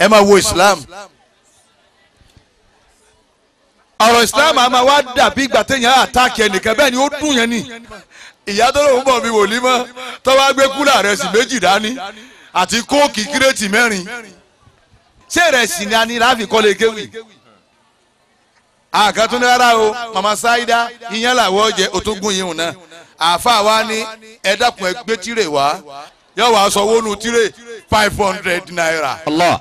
ẹ máa wo islam ọ̀rọ̀ islam a máa wá dàbí ìgbà téèyàn àtàkì ẹnìkan bẹ́ẹ̀ ni ó dùn yẹn ni ìyá tó lóun bọ̀ mi wò ní mọ́ tó wá gbé kúlà rẹ̀ sí méjì dání àti kóòkì kírètì mẹ́rin ṣé rẹ̀ sì ni a ní láàfin kọ́lé kéwì àkàtúndé rárá o màmá sáídá ìyẹn làwọ̀ jẹ́ otógún yìí náà àáfà wa ní ẹ dákun ẹ wá yóò wá sọ wónú tírè five hundred naira. Allah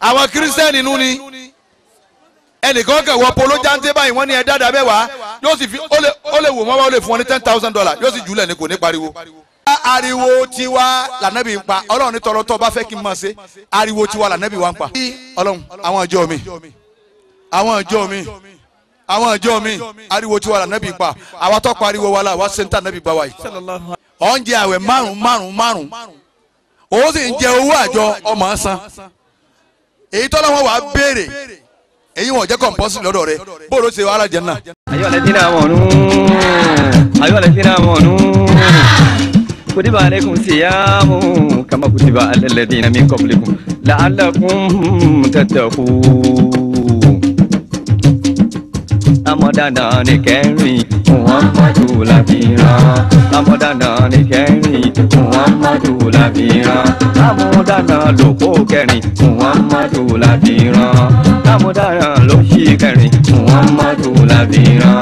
àwọn kírísítẹ́nì nù ni ẹnìkan kẹ wọ polo jante báyìí wọ́n ní ẹ dáadáa bẹ́ẹ̀ wá yóò sì fi ó lè wò wọ́n wá ó lè fún ọ ní ten thousand dollars yóò sì jùlẹ̀ ní kò ní pariwo. ariwo tiwa lànàbí ń pa ọlọ́run ní tọrọ tó bá fẹ́ kí n máa ṣe ariwo tiwa lànàbí wa ń pa. ọlọ́run àwọn ìjọ mi àwọn ìjọ mi àwọn ìjọ mi ariwo tiwa lànàbí ń pa àwa tó pariwo wa la wa sèǹtà nàbí bá wa yìí. ọ̀ ń jẹ àwẹ̀ márùn-ún márùn-ún márùn-ún òun sì ń jẹ owó àjọ ọmọ ọ̀sán èyí tọ́lá wọn wà á béèrè èyí wọn ò jẹ́ kọ̀m̀pọ́sì lọ́dọ̀ rẹ bóòlù ṣe wàhálà jẹ́ náà. ayọ̀lẹ̀ tí náà mọ̀nú ayọ̀lẹ̀ tí náà mọ̀nú kutiba alaykum siyamu kama kutiba alal ladina min qablikum la'allakum tattaqun ọmọ dandan ni kẹrin Muhammadu labiran ọmọ dandan ni kẹrin Muhammadu labiran amúdandan ló kó kẹrin Muhammadu labiran amúdandan ló ṣì kẹrin Muhammadu labiran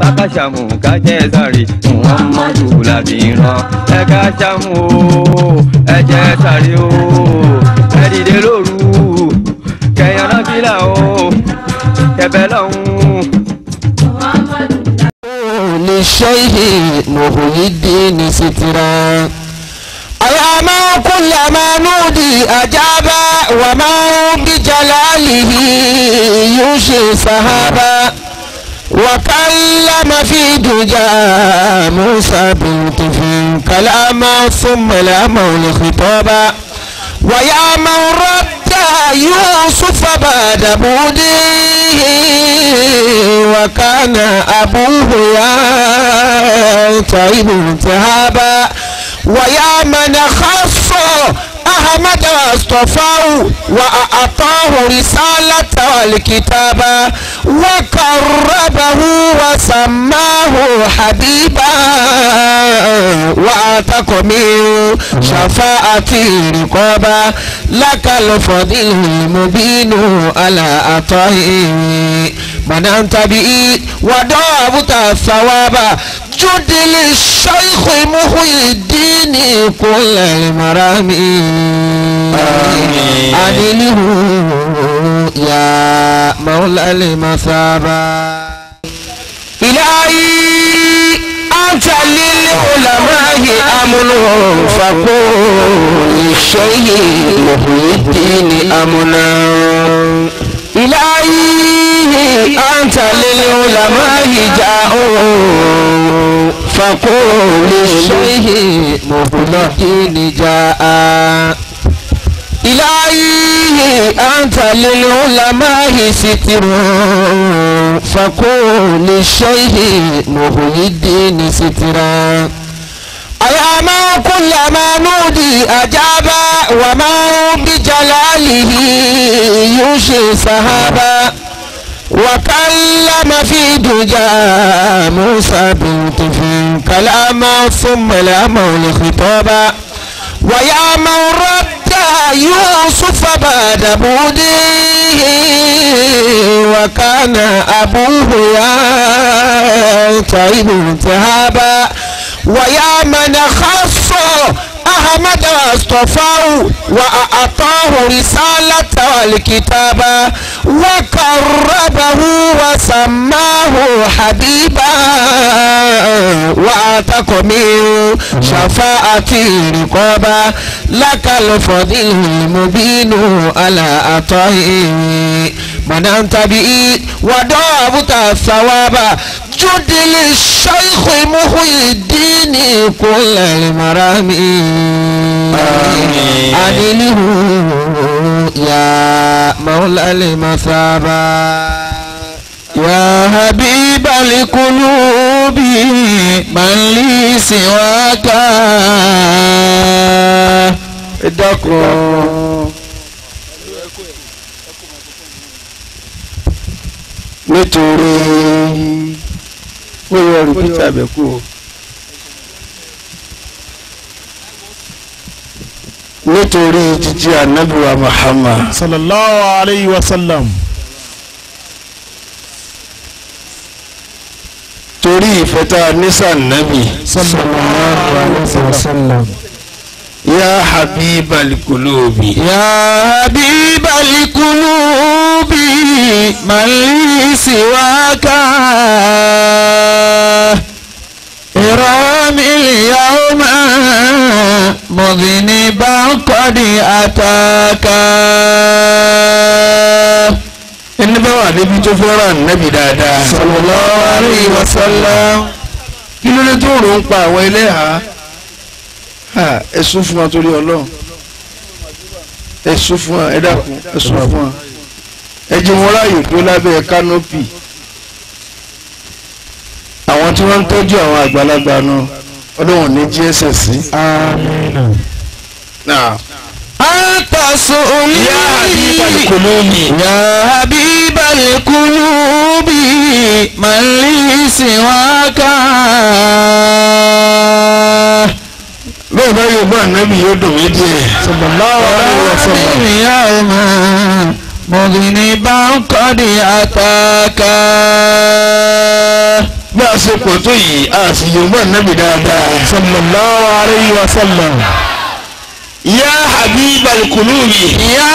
kákàṣàmù kájẹsàrì Muhammadu labiran ẹ káṣàmù o ẹ jẹsàrì o ẹ dìde lóru kẹyàn náà bí là o. الشيخ محي الدين سترا أياما كلما نودي أجاب وما بجلاله يوشي سحابا وكلم في دجى موسى بلطف كلاما ثم لامه لخطابا ويا من رد يوسف بعد بوده وكان أبوه يا طيب التهابا ويا من خص أحمد واصطفاه وأعطاه رسالة الكتاب وقربه وسماه حبيبا وأعتق من شفاعتي رقابا لك الفضل المبين على أطائه manan tabi'i wa da'abuta thawaba judili shaykhi muhyiddini kullal marami adilihu ya maulal masaba ilahi anta lil ulama'i amnun faqul shaykhi muhyiddini amna ilahi أنت للعلماء جاء فقول للشيخ مهلكين جاء إلهي أنت للعلماء ستر فقول للشيخ مهلكين سترا أياما كلما نودي أجابا وما بجلاله يوشي صحابا وكلم في دجا موسى بنت في كلاما ثم لامه لخطابا ويا من رد يوسف بعد بوده وكان أبوه طيب التهابا ويا من خص أحمد واصطفاه وأعطاه رسالة والكتابة وقربه وسماه حبيبا وأعتق من شفاعة رقابا لك الفضل المبين على عطائه مننت به ودابت الثواب جد للشيخ محي الدين كل المرامي آمين المثابة يا حبيب القلوب من لي سواك دقوا nítorí ó yọ rìpítà bẹ́ẹ̀ kú o. nítorí jíjí ànábìwá Muhammad. sallallahu alayhi wa sallam. torí ìfẹ́ tá a ní sànnábì. sallallahu alayhi wa sallam. يا حبيب القلوب يا حبيب القلوب من لي سواك مذنبا قد أتاكا ẹni bá wà níbi tó fẹ́ràn Nabi Dada. sallallahu alaihi wasallam. Kilo ló dé tó rò ń pa àwọn Ha, ẹ̀sùn fún wa torí ọlọ́run ẹ̀sùn fún wa ẹ dákun ẹ̀sùn fún wa ẹ jẹ́ wọn ráàyè tó lábẹ́ kánópì àwọn tí wọ́n ń tọ́jú àwọn àgbàlagbà náà ọlọ́run ní jíẹ́sẹ̀ sí. Atasun mi ya habibal kulubi ya habibal kulubi mali siwaka. Bẹ́ẹ̀ bá yóò gbọ́ ànábì yóò dùn mí díẹ̀. Sallallahu alaihi wasallam. Bẹ́ẹ̀ ni yàrá máa mọ̀gìnì bá ń kọ́ di àtàkà bí a ṣe pọ̀ tó yìí a sì yorùbá nàbì dáadáa. sallallahu alayhi wa sallam. ya habibal qulubi. ya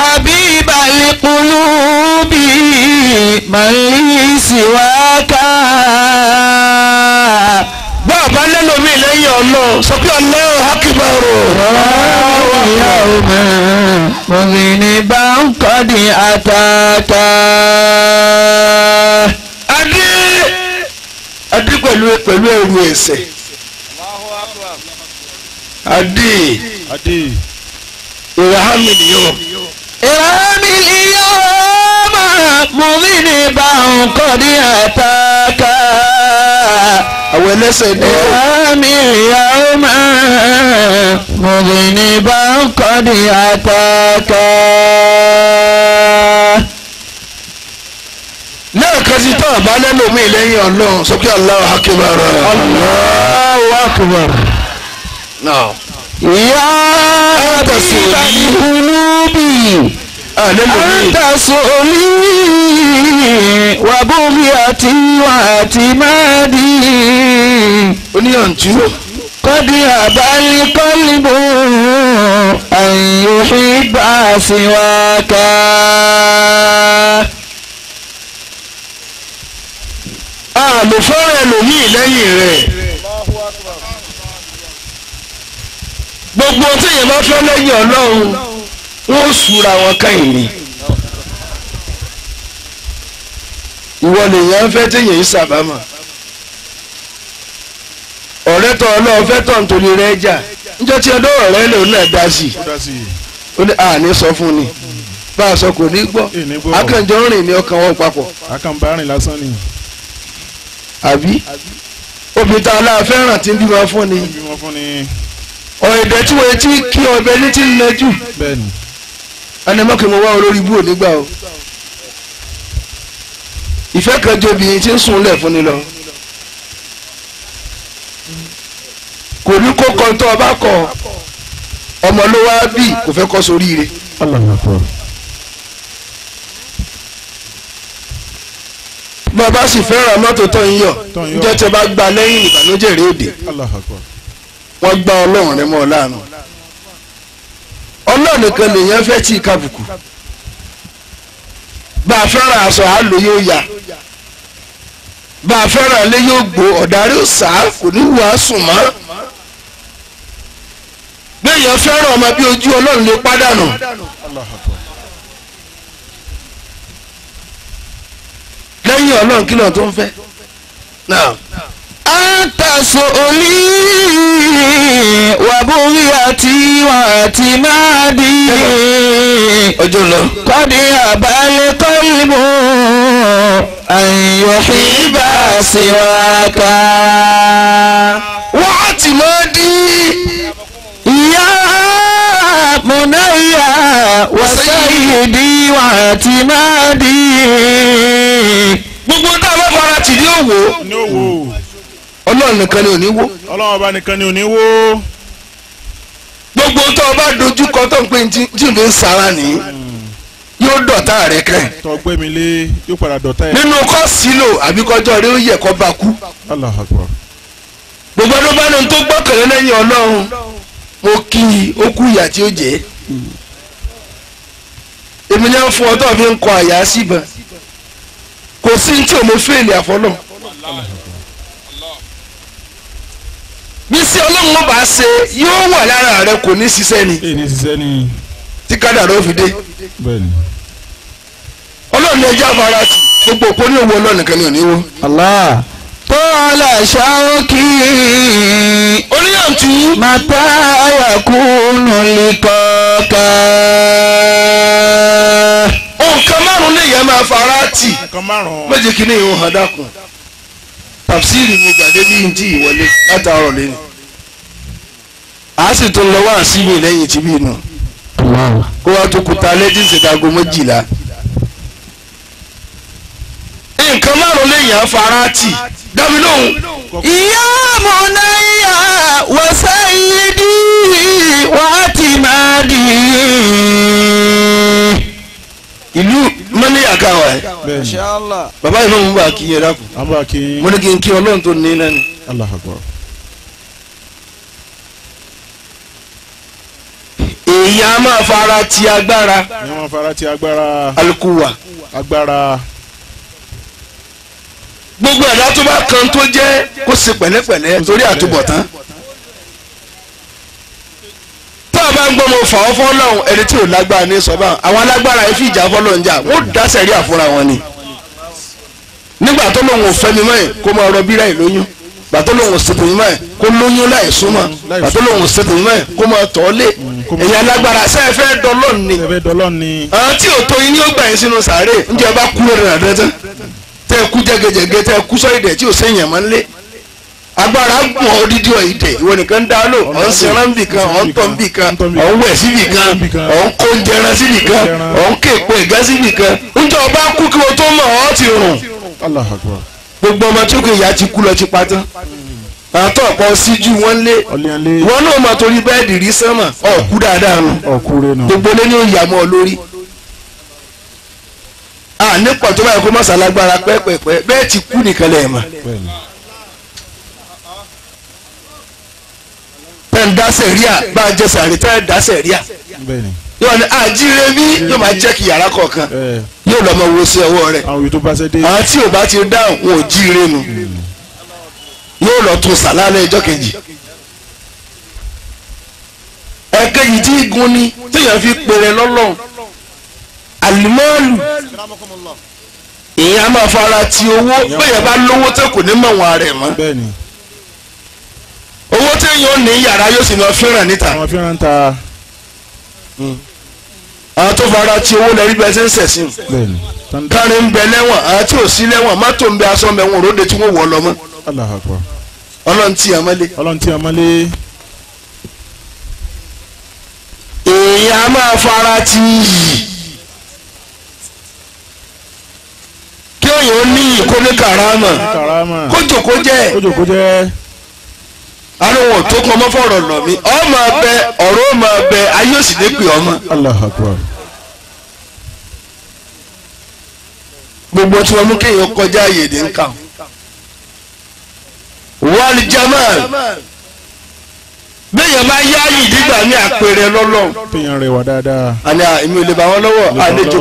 habibal qulubi man li siwaka. bá a bá lẹ́nu mi lẹ́yìn ọ̀nà sọ pé Allahu akbar. yawma mudhniban qad atata. adé pẹ̀lú ẹrù ẹ̀ṣẹ̀ adi irahami niyọ. irahami niyọ ma mú mi ní bá nǹkan ní àtàkà. àwọn ẹlẹ́ṣẹ̀ ni. irahami niyọ máa mú mi ní bá nǹkan ní àtàkà kẹsí àbálẹ́ lomi lẹ́yìn ọlọ́run sókè Allahu akbar. Allahu akbar. yá ẹ̀bùsì ìhùnúbì àdàsọ̀lì wàbùnmi àti wàtí máàdì. oníyànjú. kọ́dí àbálí kọ́lìbù àyùhí bá a sì wá ká. lè fẹ́ràn ẹlòmíì lẹ́yìn rẹ̀ gbogbo tí èèyàn bá fẹ́ lẹ́yìn ọlọ́run wọ́n súra wọn kẹ́yìn ni ìwọ lèèyàn fẹ́ téèyàn yìí sàbámà ọ̀rẹ́ tọ̀ ọlọ́run fẹ́ tọ̀ nítorí rẹ̀ jà níjọ́ tí ọdọ́ ọ̀rẹ́ lòun náà dá sí i ó ní àní sọ fún ni bá a sọ kò ní gbọ́ akànjọ́ rìn ní ọkàn wọn papọ̀. akànbá rìn lásán nìyẹn àbí obì tá a láà fẹ́ràn tí ń bímọ fún ni ọ̀ẹ̀dẹ̀ tí wọ́n ti kí ọbẹ̀ ní ti ń lẹ jù anamọ́kè mo wá olórí ibú onígbà o ìfẹ́ kan ju obìnrin tí ń sunlẹ̀ fún ni lọ kò ní kó kọ́ tó ọba kọ ọmọ ló wá bì kò fẹ́ kọ́ sórí rẹ̀. bàbá sì fẹ́ràn mọ́tò tó ń yọ níjẹ́ tẹ bá gba lẹ́yìn ìbànújẹ́ rẹ̀ òde wọ́n gba ọlọ́run rẹ̀ mọ́ ọ láàánú ọlọ́run nìkan lèèyàn fẹ́ tí kábùkù bá a fẹ́ràn aṣọ àlò yóò yá bá a fẹ́ràn ilé yóò gbó ọ̀darí òsà kò ní wàá sùn mọ́ bẹ́ẹ̀ fẹ́ràn ọmọ bí ojú ọlọ́run lè pàdánù. ọlọ́run kí ló tó ń fẹ́. àtàṣọ olí wàbúrí àti àti máa di ọjọ́ lọ. kọ́dí àbálẹ̀ kọ́lìmù àyọ̀fẹ́ bá a ṣe wá ká. wọ́n ti máa di ìyá mùnáyà wàṣẹ́ ìdí wàtí máa di. gbogbo tá a bá fara tì ni ò ní wó. ọlọ́run ọba ni ò ní wó. gbogbo tó o bá dojú tó ń pè tí tí sara ni yóò dọ̀tá rẹ kẹ́. tọgbẹ́ mi lé yóò padà yẹn. nínú kọ́ sílò gbogbo ọdún bá ní tó gbọ́kànlé lẹ́yìn ọlọ́run mo kí i ó kú ìyà tí ó jẹ́. èmi fún ọ kò sí tí o mo fèèlì àfọlọ́ bísí ọlọ́run ọba ṣe yóò wà lára rẹ kò ní ṣiṣẹ́ ni tí kádàrá fi dé ọlọ́run ní ẹjọ́ afárá gbogbo òpó ní owó ọlọ́run nìkan ní òní wo. tó aláṣà òkè oníyàntú màtá ayàkú nùlíkọ̀ọ́kà nǹkan márùn lèyàn máa fara tì méje kìíní ìhun hàn dákun tàbísírì ni. gbàdé bí n tí ìwọlé látàárọ̀ lẹ́nu a sì tún lọ wá sí mi lẹ́yìn tí mi nù kó wá tó kuta lẹ́dín ṣèkágo méjìlá nǹkan márùn lèyàn fara tì dábì lóhùn. ìyá mọ̀nàyà wọ́sẹ̀ yìí dì wá tì máa dì í ìlú mọ́níyà ká wa ẹ̀ bàbá yìí fún mi bá kí yẹn dákun mo ní kí n kí ọlọ́run tó ní náà ni. èyí a máa fara ti agbára. èyí a máa fara ti agbára. alikuwa. agbára. gbogbo ẹ̀dá tó bá kan tó jẹ́ kó ṣe pẹ̀lẹ́pẹ̀lẹ́ torí àtúbọ̀tán. bá ń gbọ́ mo fà ọ́ fọ́lọ́hún ẹni tí ò lágbára ní sọ́bà àwọn alágbára yìí fi ìjà fọ́lọ́hún jà wọ́n dá sẹ̀rí àfúnra wọn ni nígbà tó lóun ò fẹ́ mi mọ́ ẹ̀ kó máa rọ bírà ẹ̀ lóyún gbà tó lóun ò sètò yìí mọ́ ẹ̀ kó lóyún láì súnmọ́ gbà tó lóun ò sètò mọ́ ẹ̀ kó máa tọ́ lé ẹ̀yà alágbára sẹ́ẹ̀ fẹ́ dọ́lọ́ọ̀ ni àwọn tí ò agbára gùn ọ dídí ọ ìdè ìwọ nìkan dá lò ọ ń sinra nbì kan ọ ń tọ̀ nbì kan ọ ń wẹ̀ síbì kan ọ ń kó ọ ti rùn. gbogbo ọmọ ìyá ti kú lọ ti pa tán àtọ̀ ọ̀pọ̀ síjú wọn lé wọn náà torí bẹ́ẹ̀dì rí sánmà dáadáa nù gbogbo lé ní mọ́ ọ lórí. tẹ́ ń dá sẹ̀ríà bá a jẹ sàrí tẹ́ ń dá sẹ̀ríà yóò ní àjíire bí yóò máa jẹ́ kí yàrá kọ̀ọ̀kan yóò lọ máa wo sí ọwọ́ rẹ̀ àwọn tí o bá ti dáhùn wọn ò jíire nu yóò lọ tún sàlálẹ̀ ẹjọ́ kejì ẹ̀kejì tí igun ni téèyàn fi pèrè lọ́lọ́run àlùmọ́ọ̀lù ìyẹn a máa fara ti owó bẹ́ẹ̀ bá lówó tẹ́ kò ní mọ̀ wọn rẹ̀ mọ́. owó téèyàn yara ní yàrá yóò sì máa fẹ́ràn hmm. fara ti owó lẹ́rí bẹ́ẹ̀ ṣe ń sẹ̀sìn. kárin ń bẹ lẹ́wọ̀n àwọn tí ò sí lẹ́wọ̀n mọ́tò ń bẹ aṣọ ń òróde tí wọ́n wọ̀ lọ mọ́. a fara ti yìí. kí òyìn ó ní arúgbó tó kọ ọmọ fọ̀rọ̀ nà mí ọmọ abẹ ọ̀rọ̀ ọmọ abẹ ayé òsì pè ọmọ. gbogbo tí wọn mú kéèyàn kọjá àyè ní wọl jaman. jamal bẹ́ẹ̀yàn bá yá yìí ní àpẹẹrẹ lọ́lọ́. fihàn rẹ̀ ò lè bá wọn lọ́wọ́ àlejò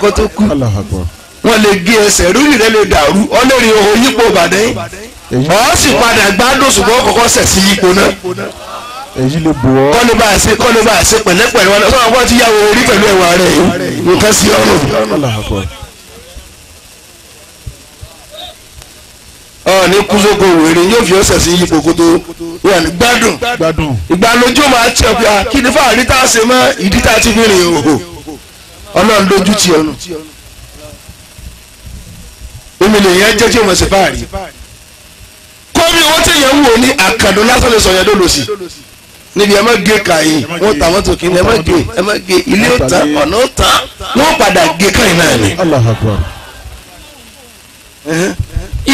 kò wọ́n lè gé ẹsẹ̀ rírì rẹ lè dàrú ọlẹ́rìí ohun yípo ìbàdàn ọ̀ sì padà gbádùn ṣùgbọ́n kọ́kọ́ sẹ̀ sí yípo náà èyí lè bò ọ́. kọ́ni bá a ṣe kọ́ni bá a ṣe pẹ̀lẹ́pẹ̀lẹ́ wọn sọ́wọ́n wọ́n ti yàwó orí pẹ̀lú ẹ̀wà rẹ̀ yìí nǹkan sí ọ̀run. ọ ní kúzógo wèrè yóò fi ọ̀sẹ̀ sí yípo kótó wà ní gbádùn ìgbàlójú máa tẹ̀ ọ́ pé kí ni fáwọn àríta ṣe mọ́ ìdí tá a ti fi rìn òhò ọlọ́run lójú ti ọ̀nù omi lè yẹn jẹ́ tí o mọ̀ sí fáàrí kọ́mi owó tẹ̀yẹ̀ ń wò ní àkàndó lásán lè sọ̀yẹ́ dó lòsì níbi ẹ má gé kàyé wọn ta wọn kí ni ẹ má gé ẹ má gé ilé ta ọ̀nà ta wọn padà gé kàyé náà ni.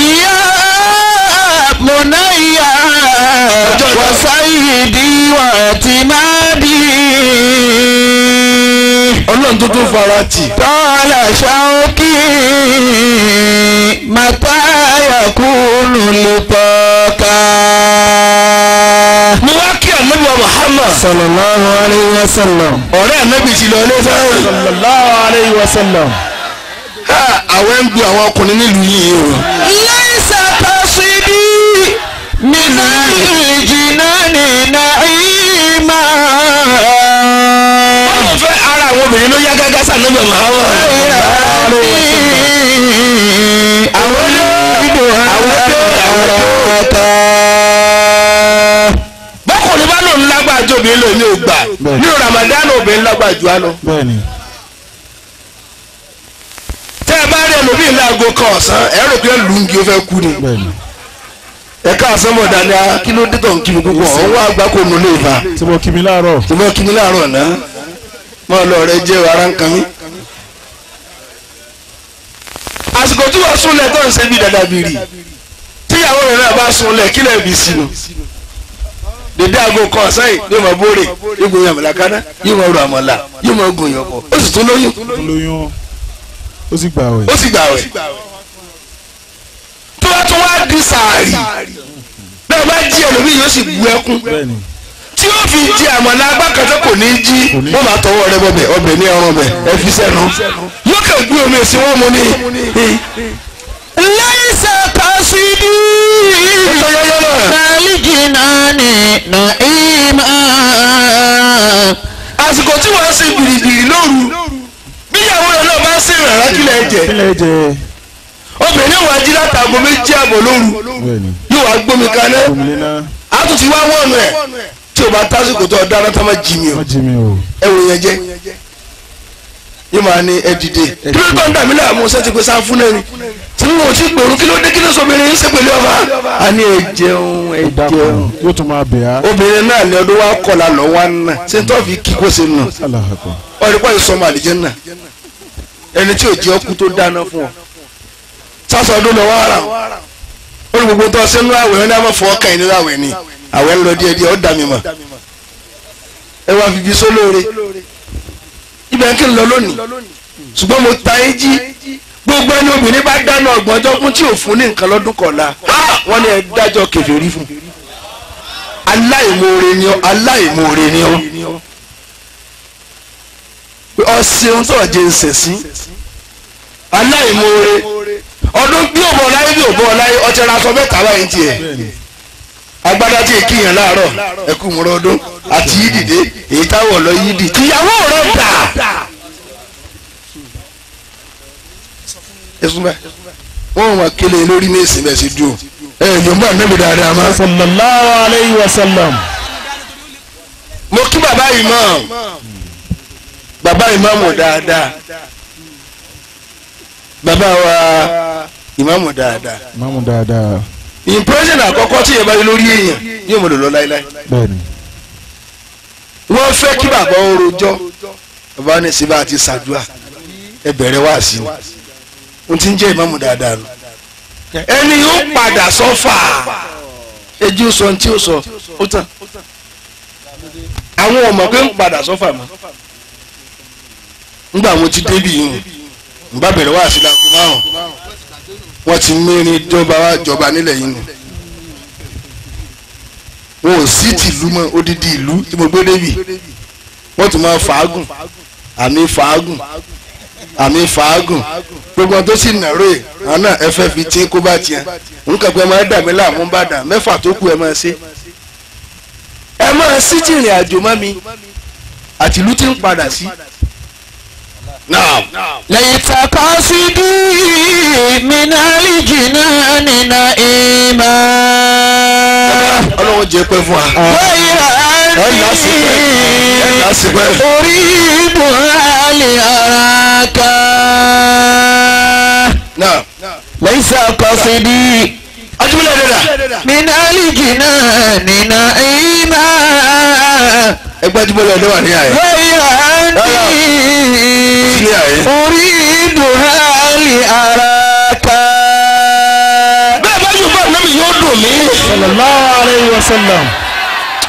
ìyá mọ̀nà ìyá wọ́n sáyé di wọ́n ti máa ọlọ́run tó tó fara tì. tọ́lá ṣáókì màtáyà kúlù lè pọ́ká. mo wá kí ànábì wa Muhammad. sallallahu alayhi wa sallam. ọ̀rẹ́ ànábì ti lọ lẹ́sẹ̀. sallallahu alayhi wa sallam. àwọn ń gbé àwọn ọkùnrin nílùú yìí o. lẹ́sẹ̀ tó ṣe bí. mi náà lè jìnnà ní nàìjíríà. ló yá gágá sànúbà màáwà. àwọn ló àwọn ló àwọn tó. bọ́kùnrin bá lòun lágbàjọ obìnrin lòun ò gbà nínú Ramadan obìnrin lágbàjọ á lọ. tẹ́ ẹ bá rí ẹlòmíì láago kan ọ̀sán ẹ rò pé lùngì ó fẹ́ kú ni ẹ̀ka àsọ́mọ̀ dáadáa kí ló dé tó ń kí mi púpọ̀ ọ̀hún wá àgbákò nulẹ̀ ìfà. tí mo kí mọ́ lọ rẹ jẹ́ ara ń kan mí. àsìkò tí wọ́n súnlẹ̀ tó ń ṣe bí dada bìrì tíyàwó rẹ̀ náà bá súnlẹ̀ kílẹ̀ bí sínú dèdè aago kan ọ̀sán yìí yóò máa bóre yóò gbóyàn àmàlà kaná yóò máa ro àmàlà yóò máa gùn yàn pọ̀ ó sì tún lóyún. ó sì gbà wẹ̀. ó sì gbà wẹ̀. tó bá tún wá di sàárì bẹ́ẹ̀ bá jí ẹlòmíì yóò sì bu ẹkún tí ó fi jí àmàlà agbákatẹ́ kò ní jí wọ́n máa tọwọ́ rẹ bọ̀bẹ̀ ọbẹ̀ ní ọrùn bẹ̀ ẹ fi sẹ́nu yóò gbé omi èsì wọn mú ni. lẹ́yìn sẹ́ka sí bí nàìjíríà náà ní nàìjíríà. àsìkò tí wọ́n ṣe gbìrìgbìrì lóru bíyàwó rẹ̀ náà bá ṣe ìrànlá kílẹ̀ jẹ́ obìnrin wa jí látàgò méjì àbọ̀ lóru yóò wá gbómi kaná a tún ti wá wọ́ọ̀nù ẹ̀ tí o bá tásìkò tó dáná tá má jì mí o ẹ wò yẹn jẹ yóò máa ní ẹ dìde kí ló tán dàmí láàmú sẹ́tì pé sáà fún ẹni tí n ò tí gbòòrò kí ló dé kí ló sọ obìnrin ṣe pẹ̀lú ọba. a ní ẹ jẹun ẹ jẹun yóò tún máa bẹ̀ á. obìnrin náà ní ọdún wa kọlà lọ wa nà ṣé tó fi kí kó ṣe nù. ọ̀rẹ́ pàṣẹ sọmọ àlìjẹ́nà ẹni tí ò jẹ́ ọkú tó dáná fún ọ. sásọdún lọ wàrà ó ní tó ṣe ń àwẹ̀ ọ́ ní àmọ́ ọkàn ìnira àwẹ̀ ni. àwọn ń lọ ọ ó dà mí ẹ wá sólóore ibẹ̀ kí lọ lónìí ṣùgbọ́n mo ta é gbogbo ẹni obìnrin bá dáná ọgbọ̀n ọjọ́ kún tí ò ní nǹkan lọ́dún kọ̀ọ̀la wọ́n ní ẹ dájọ́ kèfèrí fún aláìmoore ni ọ aláìmoore ni ọ ọsẹ ohun tó agbádá tí èkì yàn láàárọ̀ ẹkú mọ̀rọ̀ ọdún àti yídìdé èyí táwọ̀ lọ yídì tìyàwó rẹ̀ dà. wọ́n wà kele lórí ní èsì bẹ́ẹ̀ sí dùn ẹ̀ ẹ̀ yorùbá nẹ́bi dáadáa máa. sallallahu alayhi wa sallam. mo kí bàbá imam bàbá imam dáadáa bàbá wa imam dáadáa. imam dáadáa impression àkọ́kọ́ tí yẹn bá rí lórí èèyàn yóò mọ̀ lò lọ láíláí. wọ́n fẹ́ kí bàbá ó rojọ́ bàbá ní síbá àti sàdúà ẹ bẹ̀rẹ̀ wá sí ni ohun tí ń jẹ́ ìmáàmù dáadáa nù. ẹni yóò padà sọ́fà ejú sọ ní tí ó sọ ó tàn àwọn ọmọ pé ń padà sọ́fà mọ́ ngbà wọn ti débi yìí ń bá bẹ̀rẹ̀ wá sí làkúmọ́ àwọn. wọ́n ti mérin jọba wa jọba nílẹ̀ yìí nù wọn ò sí odidi ìlú tí mo gbé débi wọ́n máa fàágùn àmì fàágùn gbogbo àwọn tó sì nàró ẹ fẹ́ fi tí kó bá tiẹ̀ nǹkan pé máa dà mí láàmú bá ẹ máa ṣe ẹ mi àtìlú ti ń lẹ́yìn takọ́sídì mínálì jìnnà nínà ìmọ̀. ọlọ́run jẹ́ pẹ́ fún wa. bóyá ní orí buhari ara ká. lẹ́yìn takọ́sídì. ajumilẹ̀ dada. mínálì jìnnà nínà ìmọ̀ ẹgbẹ́júbọ́lẹ̀ ọdún wà ní àyè. lọ́yà ní orí ìdùnnálì ara ká. bẹ́ẹ̀ bá yóò bá ọ̀nàmì yóò dùn mí. sallallahu alaihi wasallam.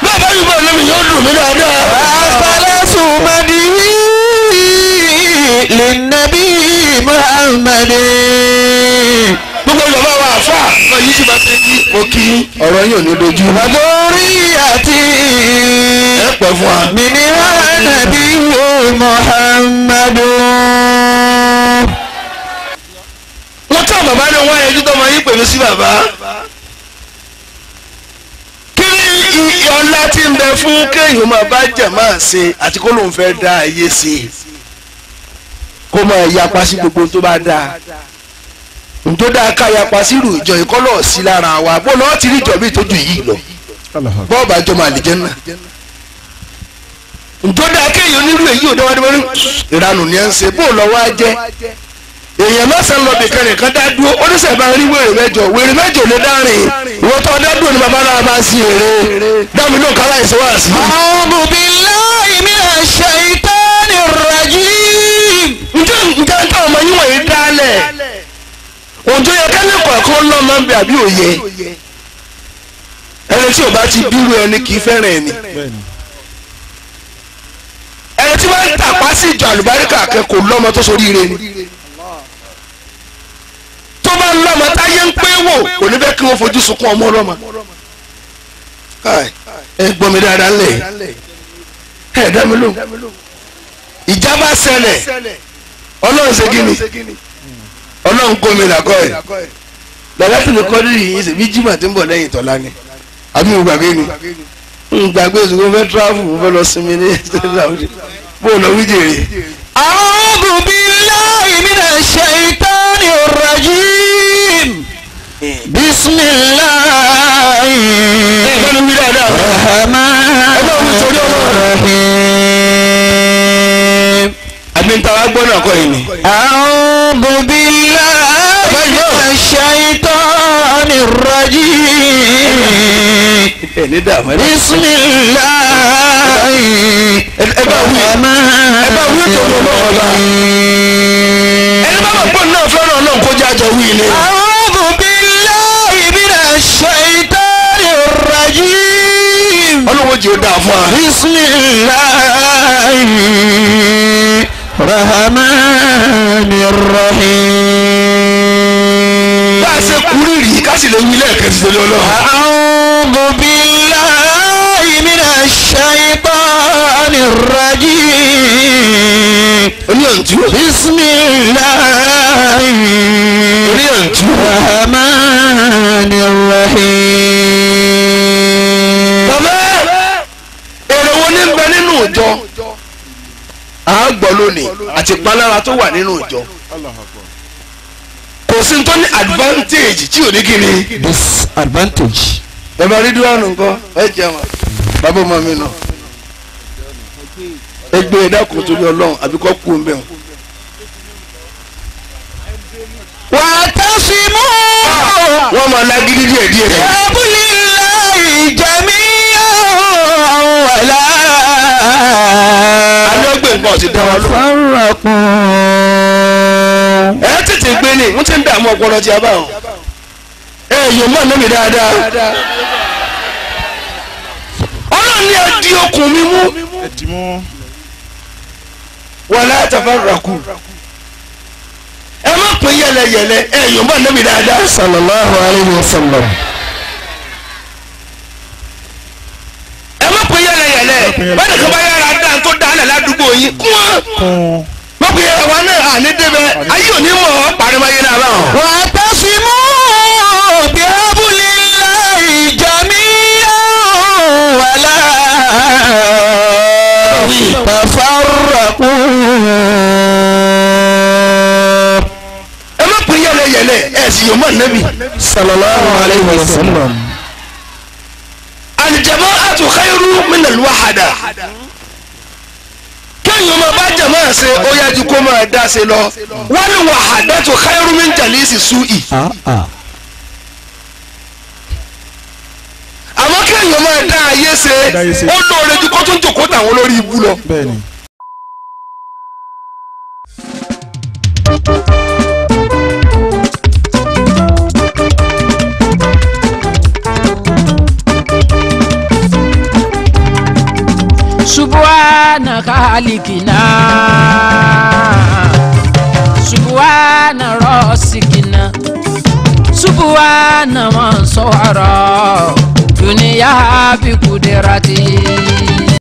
bẹ́ẹ̀ bá yóò bá ọ̀nàmì yóò dùn mí dáadáa. àfàlẹ́sù madi lè nàbí muhammadi ọ̀pọ̀ yìí ti bá fẹ́ yí. mo kí ọ̀rọ̀ yìí ò ní dojú. àbórí àti. ẹ fún wa. mìnira nàbí wo Muhammadu. wọ́n tọ́ bàbá náà wọ́n yẹjú tó máa yí pẹ̀lú sí bàbá. kí ni ọlá ti ń bẹ fún kéèyàn máa bá jàmá ṣe àti kó lóun fẹ́ dá ayé ṣe kó máa yapa sí gbogbo tó bá dáa ǹjọ́ dáa ká yapa sírù ìjọ ìkọ́lọ̀ sí lára wa bó lọ́ọ́ ti rí ìjọ bíi tójú yìí lọ bọ́ọ̀bù àjọ máa lè jẹ́ náà ǹjọ́ dáa kéèyàn onírú èyí ò dáwọ́ dáwọ́ ìranù ni ẹ ń ṣe bó lọ́wọ́ á jẹ́ èèyàn lọ́sàn-án lọ nìkan nìkan dá dúró oníṣẹ́ bá rí wèrè mẹ́jọ wèrè mẹ́jọ ló dárìn ìwọ tó dá dúró ni bàbá náà máa ń sin èrè dáàmú náà kálá ìṣòwò àṣì. a'udhu billahi minash shaitani rrajim. ǹjẹ́ ǹjẹ́ ń tọ́ ọmọ yín wọ̀nyí dálẹ̀ òjò yẹ kẹ́lẹ́kọ̀ọ́ ẹ̀kọ́ ńlọ máa ń bẹ àbí òye ẹni tí ò bá ti bírú ẹni kì í fẹ́ràn ẹni ẹni tí wọ́n ń tàpá sí ìjọ àlùbáríkà akẹ́kọ̀ọ́ lọ́mọ tó sórí ire ni tó bá ń lọ́mọ táyé ń pé wò kò ní bẹ́ẹ̀ kí wọ́n fojú sunkún ọmọ ọlọ́mọ ẹ gbọ́ mi dáadáa ńlẹ̀ ẹ dá mi lóhùn ìjábá ṣẹlẹ̀ ọlọ́run ṣe kí ọlọ́run kó mi làkọ́ ẹ̀ lọ́látì ló kọ́rí yìí ṣe bí jimá ti ń bọ̀ lẹ́yìn tọ́lá ni àbí mo gbàgbé ni n gbàgbé ṣùgbọ́n fẹ́ tíráfù mo fẹ́ lọ sinmi ní ṣẹ́dáwùdí bó lọ wí jèrè. a'udhu billahi minash shaitanir rajim bisimilahi rahmanir rahim. àbí ntàwa gbọ́dọ̀ kọ́ yìí ni. àwọn. أعوذ بالله من الشيطان الرجيم بسم الله الرحمن أعوذ بالله من الشيطان الرجيم بسم الله الرحمن rahmanir rahim. bá a ṣe kúrú rí ká sì lè wí lẹ́ẹ̀kẹ́ sí lórí ọlọ́run. a'udhu billahi minash shaytanir rajim. oníyànjú. bismillahi ìtìpalára tó wà nínú ìjọ kò sí tó ní advantage tí ò ní kí ni. disadvantage. bàbá rídíwánù nǹkan ẹ jẹ àwọn bàbá ọmọ mi náà ẹgbẹ́ ìdákùn e tó ní ọlọ́run àbíkọ́ kú ń bẹ̀ wà á tẹ́ sí mú. wọ́n máa lágídí díẹ̀ díẹ̀. ti dá wa lóhùn. sára kún. ẹ tètè gbé ni wọ́n ti ń dààmú ọpọlọ tí a bá wọn. ẹ yóò mọ̀ níbi dáadáa. ọlọ́run ni ẹ di okùn mi mú. wàlá tàfàrà kù ẹ má pín yẹlẹyẹlẹ ẹ yóò mọ̀ níbi dáadáa. sallallahu alayhi wa sallam. ẹ má pín yẹlẹyẹlẹ báyìí kò bá yẹ yìí kún wọn. kún. wọ́n pe àwa náà àní débẹ̀ ayé òní mọ̀ ọ́ pariwo ayé náà báwọn. wà á tẹ́ sí mú bí abúlé ńlá ìjàmí wà láàárín ìtàfàràkù. ẹ má pè yẹlẹ yẹlẹ ẹ sì yóò mọ nẹbi. sallallahu alayhi wa sallam. alijama atu khairu min alwahada kéèyàn máa bá jẹ̀mọ́ ẹ̀ ṣe ó yájú kó máa dá ṣe lọ wọ́n ní wàhádẹ́tò khairu min jalisi su'i. Ah, ah. àmọ́ kéèyàn máa dá ayé ṣe ó lóore ju kó tó ń jòkó tàwọn lórí ibú lọ. سبحان خالقنا سبحان راسكنا سبحان من صورا دنيا بقدرته